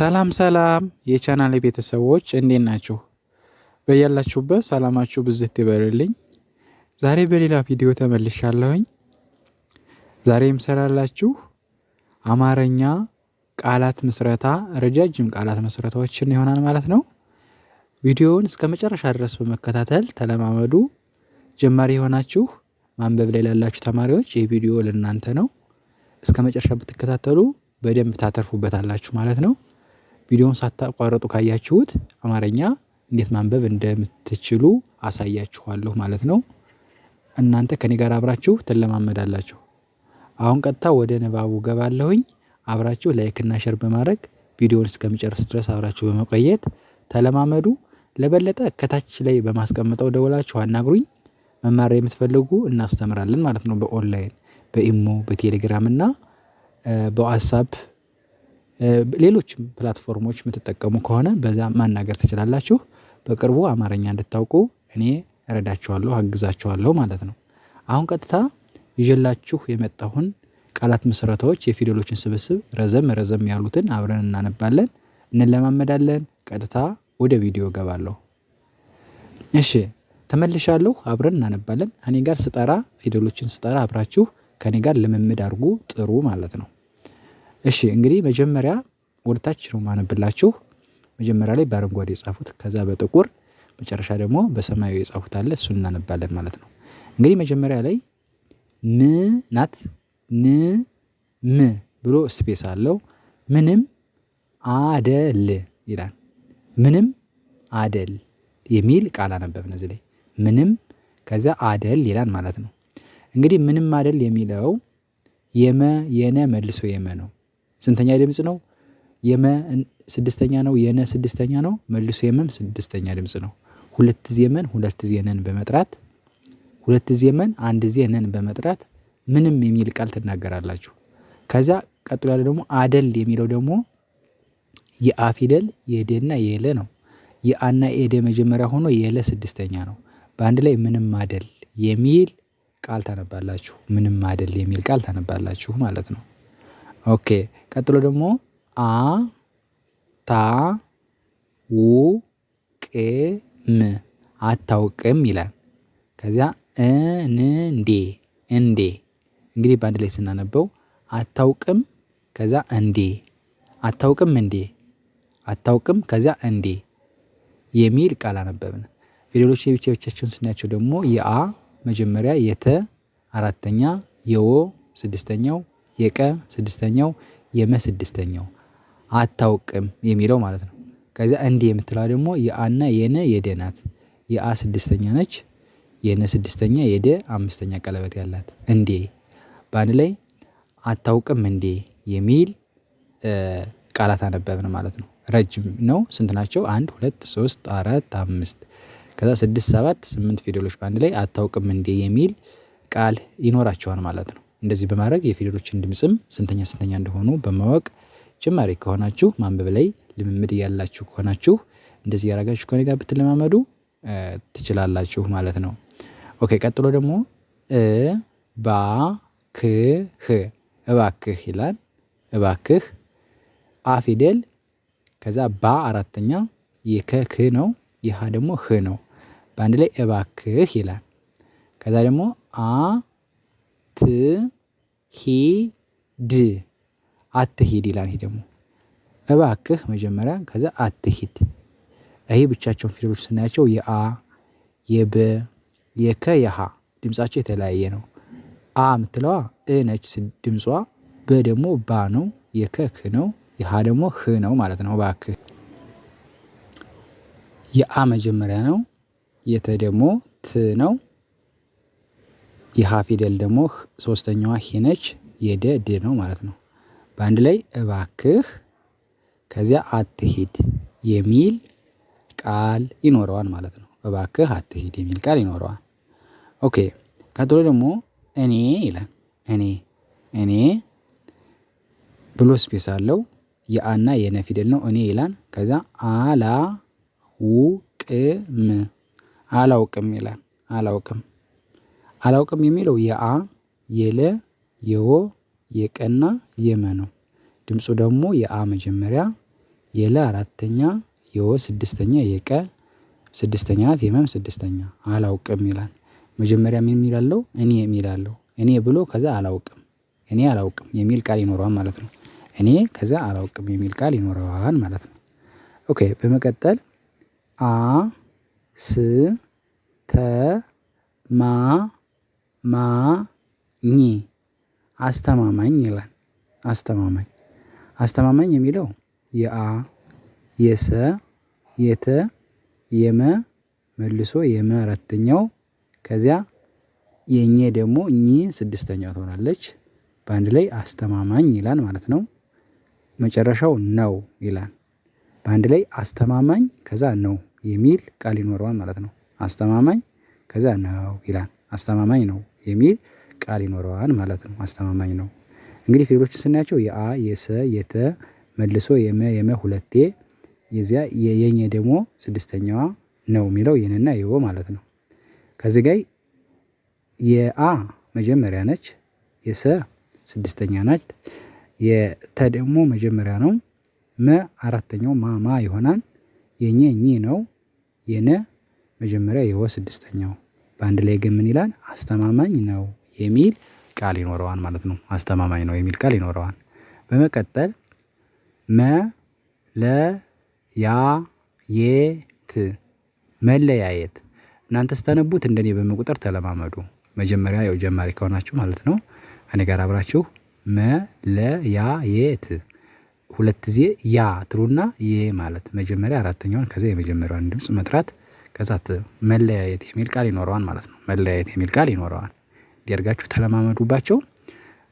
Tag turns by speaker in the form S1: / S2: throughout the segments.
S1: ሰላም ሰላም የቻናል ቤተሰቦች እንዴት ናችሁ? በያላችሁበት ሰላማችሁ ብዝት ይበርልኝ። ዛሬ በሌላ ቪዲዮ ተመልሻለሁኝ። ዛሬ የምሰራላችሁ አማርኛ ቃላት ምስረታ፣ ረጃጅም ቃላት ምስረታዎችን ይሆናል ማለት ነው። ቪዲዮውን እስከ መጨረሻ ድረስ በመከታተል ተለማመዱ። ጀማሪ የሆናችሁ ማንበብ ላይ ላላችሁ ተማሪዎች ይህ ቪዲዮ ለእናንተ ነው። እስከ መጨረሻ ብትከታተሉ በደንብ ታተርፉበታላችሁ ማለት ነው። ቪዲዮውን ሳታቋረጡ ካያችሁት አማርኛ እንዴት ማንበብ እንደምትችሉ አሳያችኋለሁ ማለት ነው። እናንተ ከኔ ጋር አብራችሁ ትለማመዳላችሁ። አሁን ቀጥታ ወደ ንባቡ ገባለሁኝ አብራችሁ ላይክና ሸር በማድረግ ቪዲዮውን እስከሚጨርስ ድረስ አብራችሁ በመቆየት ተለማመዱ። ለበለጠ ከታች ላይ በማስቀምጠው ደውላችሁ አናግሩኝ። መማር የምትፈልጉ እናስተምራለን ማለት ነው። በኦንላይን በኢሞ በቴሌግራም እና በዋትሳፕ ሌሎችም ፕላትፎርሞች የምትጠቀሙ ከሆነ በዛ ማናገር ትችላላችሁ። በቅርቡ አማርኛ እንድታውቁ እኔ እረዳችኋለሁ አግዛችኋለሁ ማለት ነው። አሁን ቀጥታ ይዤላችሁ የመጣሁን ቃላት መሰረታዎች የፊደሎችን ስብስብ ረዘም ረዘም ያሉትን አብረን እናነባለን እንለማመዳለን ቀጥታ ወደ ቪዲዮ ገባለሁ እሺ ተመልሻለሁ አብረን እናነባለን እኔ ጋር ስጠራ ፊደሎችን ስጠራ አብራችሁ ከኔ ጋር ልምምድ አድርጉ ጥሩ ማለት ነው እሺ እንግዲህ መጀመሪያ ወደ ታች ነው ማነብላችሁ። መጀመሪያ ላይ በአረንጓዴ የጻፉት ከዛ በጥቁር መጨረሻ ደግሞ በሰማያዊ የጻፉት አለ እሱን እናነባለን ማለት ነው። እንግዲህ መጀመሪያ ላይ ም ናት ን ም ብሎ ስፔስ አለው ምንም አደል ይላል ምንም አደል የሚል ቃል አነበብን እዚህ ላይ ምንም ከዛ አደል ይላል ማለት ነው። እንግዲህ ምንም አደል የሚለው የመ የነ መልሶ የመ ነው ስንተኛ ድምጽ ነው? የመ ስድስተኛ ነው የነ ስድስተኛ ነው መልሶ የመም ስድስተኛ ድምፅ ነው። ሁለት ዜመን ሁለት ዜነን በመጥራት ሁለት ዜመን አንድ ዜነን በመጥራት ምንም የሚል ቃል ትናገራላችሁ። ከዚያ ቀጥሎ ያለ ደግሞ አደል የሚለው ደግሞ የአ ፊደል የደና የለ ነው። የአና ኤደ መጀመሪያ ሆኖ የለ ስድስተኛ ነው። በአንድ ላይ ምንም አደል የሚል ቃል ታነባላችሁ። ምንም አደል የሚል ቃል ታነባላችሁ ማለት ነው ኦኬ ቀጥሎ ደግሞ አ ታ ው ቅ አታውቅም ይላል። ከዚያ እንንዴ እንዴ እንግዲህ በአንድ ላይ ስናነበው አታውቅም ከዛ እንዴ አታውቅም እንዴ አታውቅም ከዛ እንዴ የሚል ቃል አነበብን። ፊደሎች የብቻ ብቻቸውን ስናያቸው ደግሞ የአ መጀመሪያ የተ አራተኛ የወ ስድስተኛው የቀ ስድስተኛው የመ ስድስተኛው አታውቅም የሚለው ማለት ነው። ከዚ እንዲህ የምትለዋ ደግሞ የአና የነ የደ ናት። የአ ስድስተኛ ነች። የነ ስድስተኛ የደ አምስተኛ ቀለበት ያላት እንዴ በአንድ ላይ አታውቅም እንዴ የሚል ቃላት አነበብን ማለት ነው። ረጅም ነው ስንት ናቸው? አንድ ሁለት ሶስት አራት አምስት ከዛ ስድስት ሰባት ስምንት ፊደሎች በአንድ ላይ አታውቅም እንዴ የሚል ቃል ይኖራቸዋል ማለት ነው እንደዚህ በማድረግ የፊደሎችን ድምጽም ስንተኛ ስንተኛ እንደሆኑ በማወቅ ጀማሪ ከሆናችሁ ማንበብ ላይ ልምምድ ያላችሁ ከሆናችሁ እንደዚህ ያደረጋችሁ ከሆነ ጋር ብትለማመዱ ትችላላችሁ ማለት ነው። ኦኬ ቀጥሎ ደግሞ እባክህ እባክህ ይላል። እባክህ አ ፊደል ከዛ ባ አራተኛ የከክ ክ ነው። ይሃ ደግሞ ህ ነው። በአንድ ላይ እባክህ ይላል። ከዛ ደግሞ አ አትሂድ አትሂድ ይላል ይሄ ደግሞ እባክህ መጀመሪያ ከዛ አትሂድ ይሄ ብቻቸውን ፊደሎች ስናያቸው የአ የበ የከ የሃ ድምፃቸው የተለያየ ነው። አ የምትለዋ እ ነች ድምጿ በ ደግሞ ባ ነው የከ ክ ነው የሃ ደግሞ ህ ነው ማለት ነው። እባክህ የአ መጀመሪያ ነው የተ ደግሞ ት ነው የሃ ፊደል ደግሞ ሶስተኛዋ ሂ ነች። የደ ድ ነው ማለት ነው። በአንድ ላይ እባክህ ከዚያ አትሂድ የሚል ቃል ይኖረዋል ማለት ነው። እባክህ አትሂድ የሚል ቃል ይኖረዋል። ኦኬ ቀጥሎ ደግሞ እኔ ይላል። እኔ እኔ ብሎ ስፔስ አለው የአና የነ ፊደል ነው። እኔ ይላል። ከዛ አላውቅም አላውቅም ይላል። አላውቅም አላውቅም የሚለው የአ የለ የወ የቀና የመ ነው። ድምፁ ደግሞ የአ መጀመሪያ የለ አራተኛ የወ ስድስተኛ የቀ ስድስተኛ ናት የመም ስድስተኛ አላውቅም ይላል። መጀመሪያ ምን የሚላለው እኔ የሚላለው እኔ ብሎ ከዛ አላውቅም እኔ አላውቅም የሚል ቃል ይኖረዋል ማለት ነው። እኔ ከዛ አላውቅም የሚል ቃል ይኖረዋል ማለት ነው። ኦኬ በመቀጠል አ ስ ተ ማ ማኝ አስተማማኝ ይላል አስተማማኝ አስተማማኝ የሚለው የአ የሰ የተ የመ መልሶ የመ አራተኛው ከዚያ የኘ ደግሞ ኝ ስድስተኛው ትሆናለች በአንድ ላይ አስተማማኝ ይላል ማለት ነው። መጨረሻው ነው ይላል በአንድ ላይ አስተማማኝ ከዛ ነው የሚል ቃል ይኖረዋል ማለት ነው። አስተማማኝ ከዛ ነው ይላል አስተማማኝ ነው የሚል ቃል ይኖረዋል ማለት ነው አስተማማኝ ነው። እንግዲህ ፊደሎችን ስናያቸው የአ የሰ የተ መልሶ የመ የመ ሁለቴ የዚያ የኘ ደግሞ ስድስተኛዋ ነው የሚለው የነና የወ ማለት ነው። ከዚህ ጋይ የአ መጀመሪያ ነች የሰ ስድስተኛ ናች፣ የተ ደግሞ መጀመሪያ ነው መ አራተኛው ማማ ይሆናል የኘ ኚ ነው የነ መጀመሪያ የወ ስድስተኛው በአንድ ላይ ግን ምን ይላል አስተማማኝ ነው የሚል ቃል ይኖረዋል ማለት ነው። አስተማማኝ ነው የሚል ቃል ይኖረዋል። በመቀጠል መለያየት መለያየት እናንተ ስታነቡት እንደኔ በመቁጠር ተለማመዱ መጀመሪያ ያው ጀማሪ ከሆናችሁ ማለት ነው። እኔ ጋር አብራችሁ መለያየት ሁለት ጊዜ ያ ትሉና የ ማለት መጀመሪያ አራተኛውን ከዚያ የመጀመሪያውን ድምፅ መጥራት ከዛት መለያየት የሚል ቃል ይኖረዋል ማለት ነው። መለያየት የሚል ቃል ይኖረዋል እንዲያርጋችሁ ተለማመዱባቸው።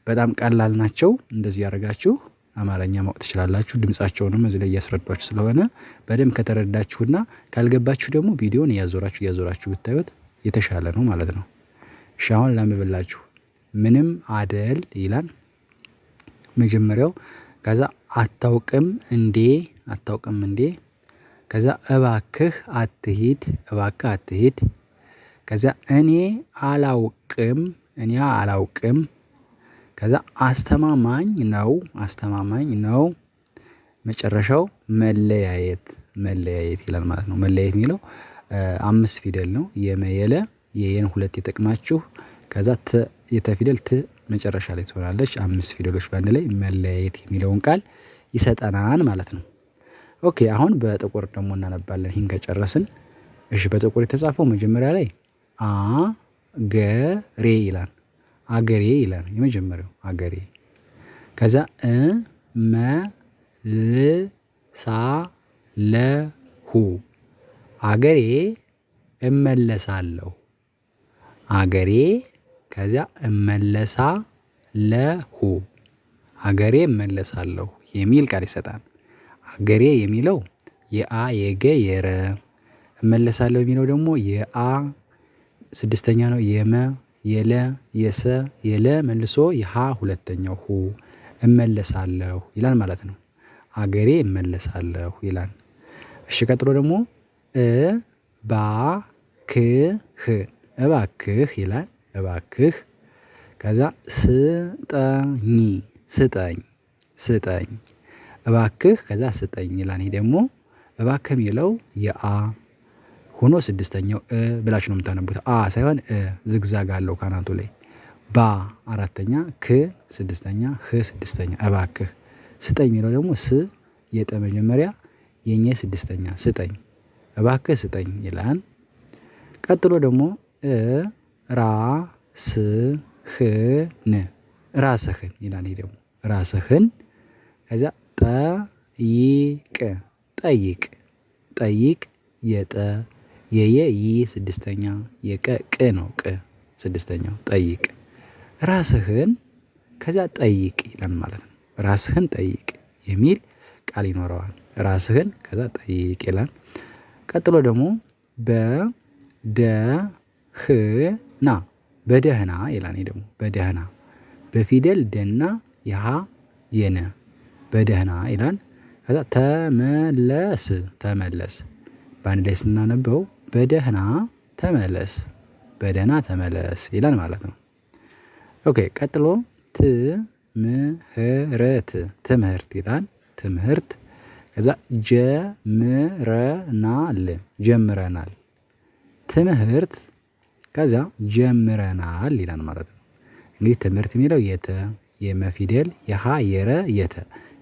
S1: በጣም ቀላል ናቸው እንደዚህ ያደርጋችሁ አማርኛ ማወቅ ትችላላችሁ። ድምፃቸውንም እዚህ ላይ እያስረዷችሁ ስለሆነ በደንብ ከተረዳችሁና ካልገባችሁ ደግሞ ቪዲዮን እያዞራችሁ እያዞራችሁ ብታዩት የተሻለ ነው ማለት ነው። ሻሁን ለምብላችሁ ምንም አደል ይላል መጀመሪያው። ከዛ አታውቅም እንዴ አታውቅም እንዴ ከዛ እባክህ አትሂድ እባክህ አትሂድ ከዛ እኔ አላውቅም እኔ አላውቅም ከዛ አስተማማኝ ነው አስተማማኝ ነው መጨረሻው መለያየት መለያየት ይላል ማለት ነው። መለያየት የሚለው አምስት ፊደል ነው የመየለ የየን ሁለት የጠቅማችሁ ከዛ የተፊደል የተ ፊደል ት መጨረሻ ላይ ትሆናለች አምስት ፊደሎች በአንድ ላይ መለያየት የሚለውን ቃል ይሰጠናል ማለት ነው ኦኬ አሁን በጥቁር ደግሞ እናነባለን ይህን ከጨረስን እሺ በጥቁር የተጻፈው መጀመሪያ ላይ አ ገ ሬ ይላል አገሬ ይላል የመጀመሪያው አገሬ ከዛ እ መ ል ሳ ለ ሁ አገሬ እመለሳለሁ አገሬ ከዚያ እመለሳ ለሁ አገሬ እመለሳለሁ የሚል ቃል ይሰጣል። ገሬ የሚለው የአ የገ የረ እመለሳለሁ የሚለው ደግሞ የአ ስድስተኛ ነው የመ የለ የሰ የለ መልሶ የሀ ሁለተኛው ሁ እመለሳለሁ ይላል ማለት ነው። አገሬ እመለሳለሁ ይላል። እሺ ቀጥሎ ደግሞ እ ባ ህ እባክህ ይላል እባክህ ከዛ ስጠኝ ስጠኝ ስጠኝ እባክህ ከዛ ስጠኝ ይላል ይሄ ደግሞ እባክህ የሚለው የአ ሆኖ ስድስተኛው እ ብላችሁ ነው የምታነቡት አ ሳይሆን እ ዝግዛግ አለው ካናቱ ላይ ባ አራተኛ ክ ስድስተኛ ህ ስድስተኛ እባክህ ስጠኝ የሚለው ደግሞ ስ የጠ መጀመሪያ የኘ ስድስተኛ ስጠኝ እባክህ ስጠኝ ይላል። ቀጥሎ ደግሞ እ ራ ስ ህ ን ራስህን ይላል ይሄ ደግሞ ራስህን ከዚያ ጠይቅ ጠይቅ ጠይቅ የጠ የየ ይ ስድስተኛ የቀ ቅ ነው ቅ ስድስተኛው ጠይቅ ራስህን ከዛ ጠይቅ ይላል ማለት ነው። ራስህን ጠይቅ የሚል ቃል ይኖረዋል ራስህን ከዛ ጠይቅ ይላል። ቀጥሎ ደግሞ በደህና በደህና ይላል ደግሞ በደህና በፊደል ደና የሃ የነ በደህና ይላል። ከዛ ተመለስ ተመለስ በአንድ ላይ ስናነበው በደህና ተመለስ በደህና ተመለስ ይላል ማለት ነው። ኦኬ ቀጥሎ ትምህርት ትምህርት ይላል ትምህርት ከዛ ጀምረናል ጀምረናል ትምህርት ከዚያ ጀምረናል ይላል ማለት ነው። እንግዲህ ትምህርት የሚለው የተ የመፊደል የሀ የረ የተ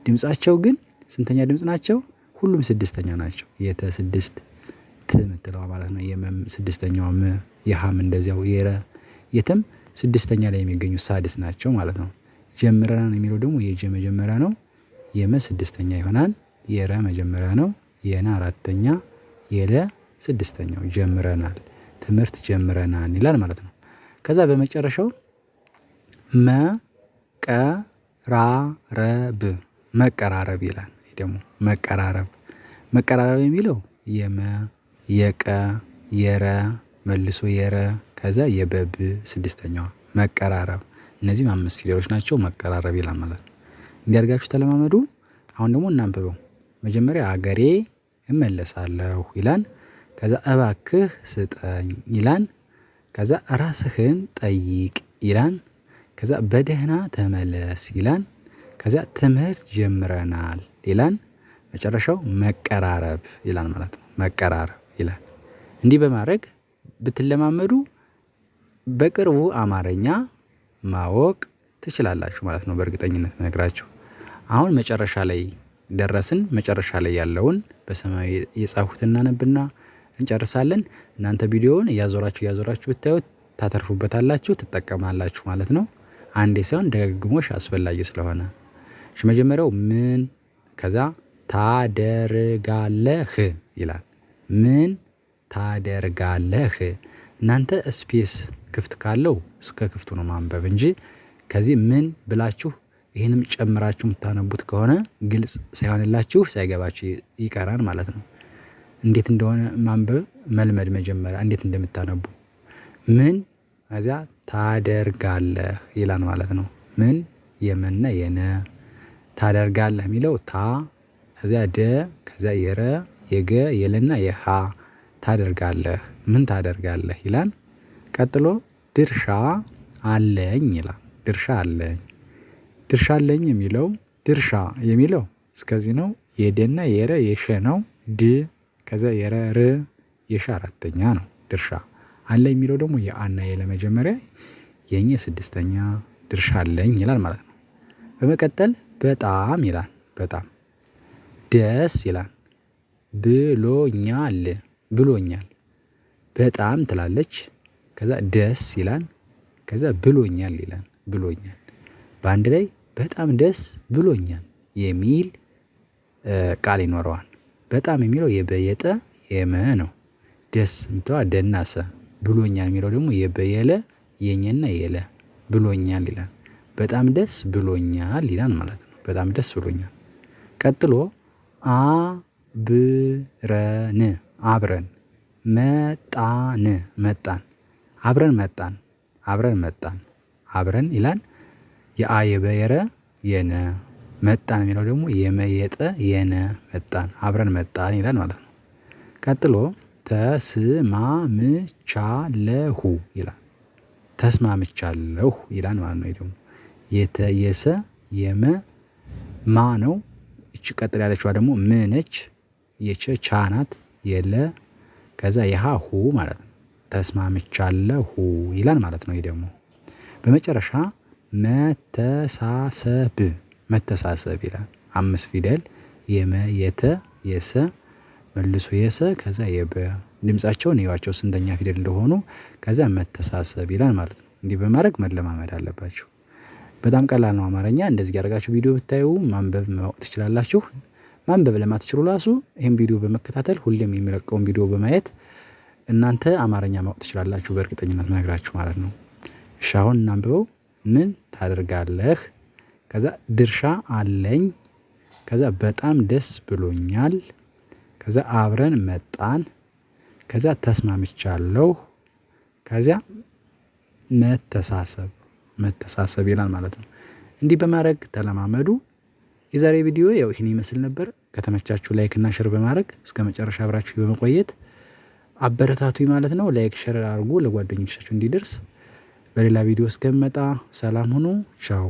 S1: ድምፃቸው ግን ስንተኛ ድምጽ ናቸው? ሁሉም ስድስተኛ ናቸው። የተ ስድስት ት የምትለዋ ማለት ነው። የመም ስድስተኛው መ የሃም እንደዚያው የረ የተም ስድስተኛ ላይ የሚገኙ ሳድስ ናቸው ማለት ነው። ጀምረናን የሚለው ደግሞ የጀ መጀመሪያ ነው። የመ ስድስተኛ ይሆናል። የረ መጀመሪያ ነው። የነ አራተኛ የለ ስድስተኛው ጀምረናል ትምህርት ጀምረናል ይላል ማለት ነው። ከዛ በመጨረሻው መቀራረብ መቀራረብ ይላል ደግሞ መቀራረብ መቀራረብ የሚለው የመ የቀ የረ መልሶ የረ ከዛ የበብ ስድስተኛዋ መቀራረብ እነዚህም አምስት ፊደሎች ናቸው መቀራረብ ይላል ማለት ነው። እንዲያርጋችሁ ተለማመዱ። አሁን ደግሞ እናንብበው። መጀመሪያ አገሬ እመለሳለሁ ይላል። ከዛ እባክህ ስጠኝ ይላል። ከዛ ራስህን ጠይቅ ይላል። ከዛ በደህና ተመለስ ይላል ከዚያ ትምህርት ጀምረናል ይላል። መጨረሻው መቀራረብ ይላል ማለት ነው። መቀራረብ ይላል። እንዲህ በማድረግ ብትለማመዱ በቅርቡ አማርኛ ማወቅ ትችላላችሁ ማለት ነው። በእርግጠኝነት ነግራችሁ አሁን መጨረሻ ላይ ደረስን። መጨረሻ ላይ ያለውን በሰማያዊ የጻፉት እናነብና እንጨርሳለን። እናንተ ቪዲዮውን እያዞራችሁ እያዞራችሁ ብታዩት ታተርፉበታላችሁ፣ ትጠቀማላችሁ ማለት ነው። አንዴ ሳይሆን ደግሞሽ አስፈላጊ ስለሆነ እሺ መጀመሪያው ምን ከዛ ታደርጋለህ ይላል ምን ታደርጋለህ? እናንተ ስፔስ ክፍት ካለው እስከ ክፍቱ ነው ማንበብ እንጂ ከዚህ ምን ብላችሁ ይህንም ጨምራችሁ የምታነቡት ከሆነ ግልጽ ሳይሆንላችሁ ሳይገባችሁ ይቀራል ማለት ነው። እንዴት እንደሆነ ማንበብ መልመድ መጀመሪያ እንዴት እንደምታነቡ ምን ከዚያ ታደርጋለህ ይላል ማለት ነው። ምን የመነ የነ ታደርጋለህ የሚለው ታ ከዚያ ደ ከዚያ የረ የገ የለና የሃ ታደርጋለህ ምን ታደርጋለህ ይላል? ቀጥሎ ድርሻ አለኝ ይላል ድርሻ አለኝ። ድርሻ አለኝ የሚለው ድርሻ የሚለው እስከዚህ ነው የደና የረ የሸ ነው ድ ከዚያ የረ ር የሸ አራተኛ ነው ድርሻ አለ የሚለው ደግሞ የአና የለመጀመሪያ የኘ ስድስተኛ ድርሻ አለኝ ይላል ማለት ነው። በመቀጠል በጣም ይላል በጣም ደስ ይላል ብሎኛል ብሎኛል በጣም ትላለች ከዛ ደስ ይላል ከዛ ብሎኛል ይላል ብሎኛል በአንድ ላይ በጣም ደስ ብሎኛል የሚል ቃል ይኖረዋል በጣም የሚለው የበየጠ የመ ነው ደስ የምትለዋ ደናሰ ብሎኛል የሚለው ደግሞ የበየለ የኘና የለ ብሎኛል ይላል በጣም ደስ ብሎኛል ይላል ማለት ነው በጣም ደስ ብሎኛል። ቀጥሎ አብረን አብረን መጣን መጣን አብረን መጣን አብረን መጣን አብረን ይላል። የአ የበየረ የነ መጣን የሚለው ደግሞ የመየጠ የነ መጣን አብረን መጣን ይላል ማለት ነው። ቀጥሎ ተስማምቻለሁ ይላል ተስማምቻለሁ ይላል ማለት ነው። ደግሞ የተየሰ የመ ማ ነው። እች ቀጥል ያለችዋ ደግሞ ም ነች። የቸ ቻ የለ ከዛ የሃ ሁ ማለት ነው። ተስማምቻለሁ ይላል ማለት ነው። ይህ ደግሞ በመጨረሻ መተሳሰብ መተሳሰብ ይላል። አምስት ፊደል የመ የተ የሰ መልሶ የሰ ከዛ የበ ድምጻቸውን እዩዋቸው ስንተኛ ፊደል እንደሆኑ። ከዛ መተሳሰብ ይላል ማለት ነው። እንዲህ በማድረግ መለማመድ አለባቸው። በጣም ቀላል ነው አማርኛ እንደዚህ ያደርጋችሁ ቪዲዮ ብታዩ ማንበብ ማወቅ ትችላላችሁ። ማንበብ ለማትችሉ ራሱ ይህም ቪዲዮ በመከታተል ሁሌም የሚለቀውን ቪዲዮ በማየት እናንተ አማርኛ ማወቅ ትችላላችሁ በእርግጠኝነት ነግራችሁ ማለት ነው። እሺ አሁን እናንብበው። ምን ታደርጋለህ? ከዛ ድርሻ አለኝ። ከዛ በጣም ደስ ብሎኛል። ከዛ አብረን መጣን። ከዛ ተስማምቻለሁ። ከዚያ መተሳሰብ መተሳሰብ ይላል ማለት ነው። እንዲህ በማድረግ ተለማመዱ። የዛሬ ቪዲዮ ያው ይህን ይመስል ነበር። ከተመቻችሁ ላይክ እና ሸር በማድረግ እስከ መጨረሻ አብራችሁ በመቆየት አበረታቱኝ ማለት ነው። ላይክ ሸር አድርጉ ለጓደኞቻችሁ እንዲደርስ። በሌላ ቪዲዮ እስከምመጣ ሰላም ሁኑ። ቻው